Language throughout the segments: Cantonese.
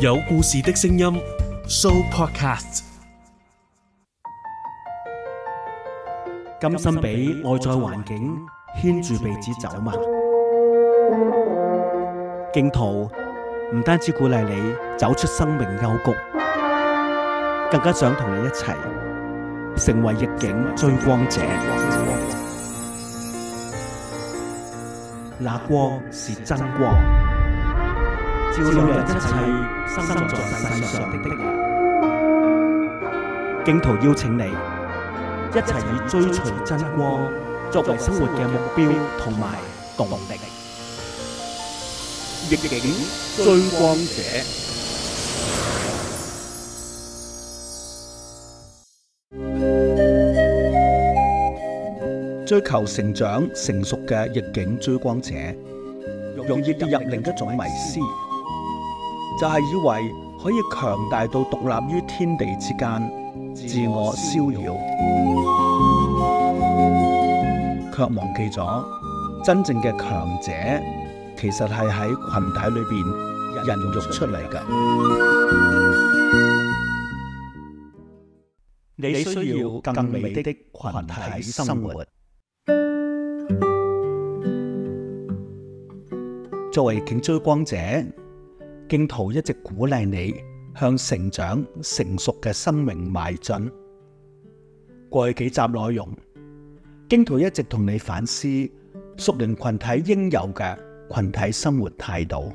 有故事的聲音，Sooopodcast。甘心俾外在環境牽住鼻子走嘛？荊徒唔單止鼓勵你走出生命幽谷，更加想同你一齊成為逆境追光者。那光是真光。照亮一切生在世上的的人，荊徒邀請你一齊以追隨真光作為生活嘅目標同埋動力。逆境追光者，追求成長成熟嘅逆境追光者，容易跌入另一種迷思。就係、是、以為可以強大到獨立於天地之間，自我逍遙，却忘記咗真正嘅強者其實係喺群體裏邊孕育出嚟嘅。你需要更美的群體生活。作為逆境追光者。荊徒一直鼓勵你向成長成熟嘅生命邁進。過去幾集內容，荊徒一直同你反思屬靈群體應有嘅群體生活態度。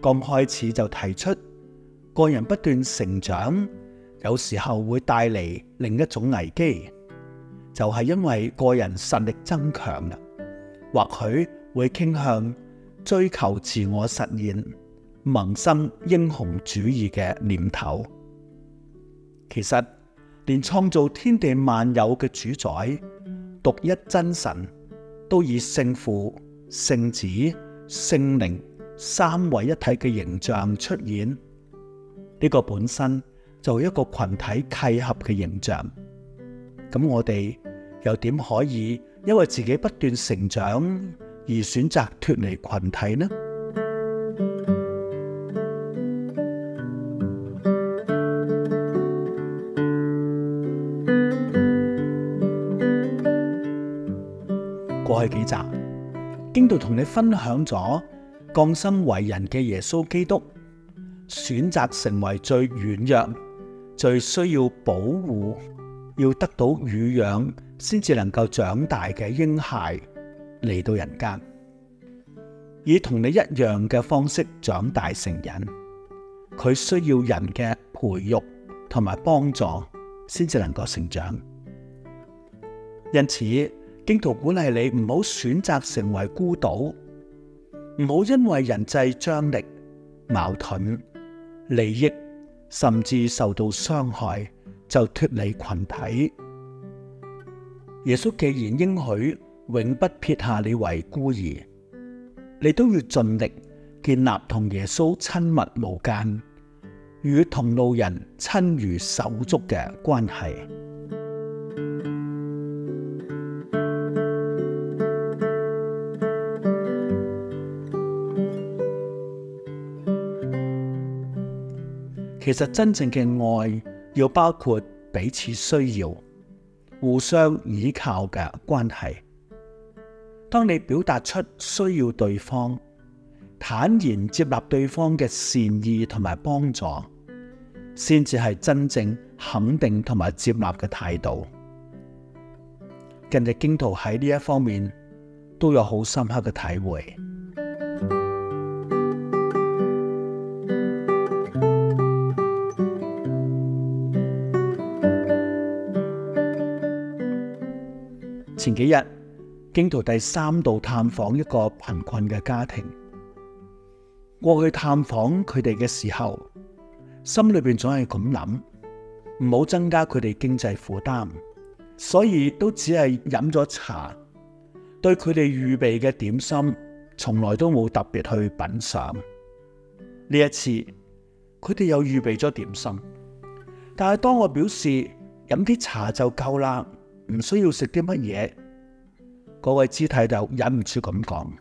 剛開始就提出個人不斷成長，有時候會帶嚟另一種危機，就係因為個人實力增強啦，或許會傾向追求自我實現。萌生英雄主義嘅念頭，其實連創造天地萬有嘅主宰、獨一真神，都以聖父、聖子、聖靈三位一體嘅形象出現。呢個本身就係一個群體契合嘅形象。咁我哋又點可以因為自己不斷成長而選擇脫離群體呢？幾集荊徒同你分享咗降生為人嘅耶穌基督，選擇成為最軟弱、最需要保護、要得到乳養，先至能夠長大嘅嬰孩嚟到人間，以同你一樣嘅方式長大成人。佢需要人嘅培育同埋幫助，先至能夠成長。因此。荊徒鼓勵你唔好選擇成為孤島，唔好因為人際張力、矛盾、利益，甚至受到傷害，就脫離群體。耶穌既然應許永不撇下你為孤兒，你都要盡力建立同耶穌親密無間、與同路人親如手足嘅關係。其實真正嘅愛要包括彼此需要、互相依靠嘅關係。當你表達出需要對方，坦然接納對方嘅善意同埋幫助，先至係真正肯定同埋接納嘅態度。近日荊徒喺呢一方面都有好深刻嘅體會。前幾日荊徒第三度探訪一個貧困嘅家庭，過去探訪佢哋嘅時候，心裏邊總係咁諗，唔好增加佢哋經濟負擔，所以都只係飲咗茶，對佢哋預備嘅點心，從來都冇特別去品嘗。呢一次，佢哋又預備咗點心，但係當我表示飲啲茶就夠啦。唔需要食啲乜嘢，嗰位肢體就忍唔住咁講：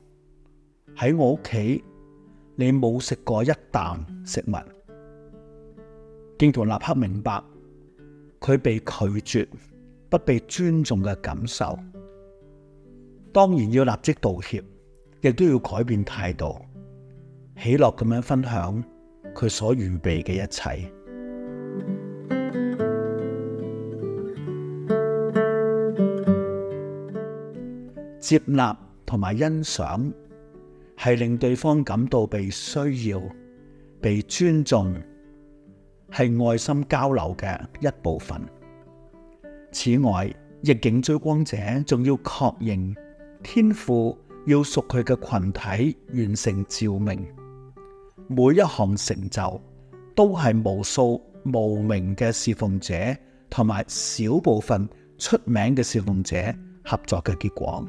喺我屋企，你冇食過一啖食物。荊徒立刻明白佢被拒絕、不被尊重嘅感受，當然要立即道歉，亦都要改變態度，喜樂咁樣分享佢所預備嘅一切。接納同埋欣賞，係令對方感到被需要、被尊重，係愛心交流嘅一部分。此外，逆境追光者仲要確認天父要屬佢嘅群體完成照明。每一項成就都係無數無名嘅侍奉者同埋小部分出名嘅侍奉者合作嘅結果。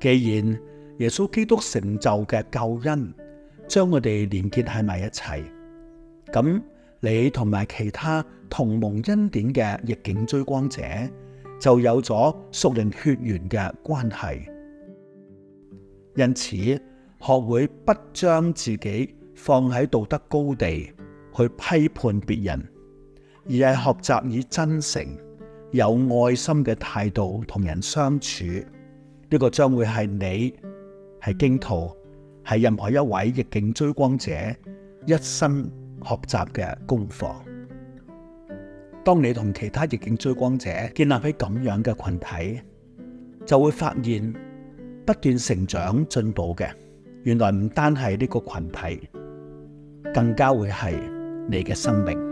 既然耶穌基督成就嘅救恩將我哋連結喺埋一齊，咁你同埋其他同蒙恩典嘅逆境追光者就有咗屬靈血緣嘅關係。因此，學會不將自己放喺道德高地去批判別人，而係學習以真誠、有愛心嘅態度同人相處。呢個將會係你、係荊徒、係任何一位逆境追光者一生學習嘅功課。當你同其他逆境追光者建立起咁樣嘅群體，就會發現不斷成長進步嘅。原來唔單係呢個群體，更加會係你嘅生命。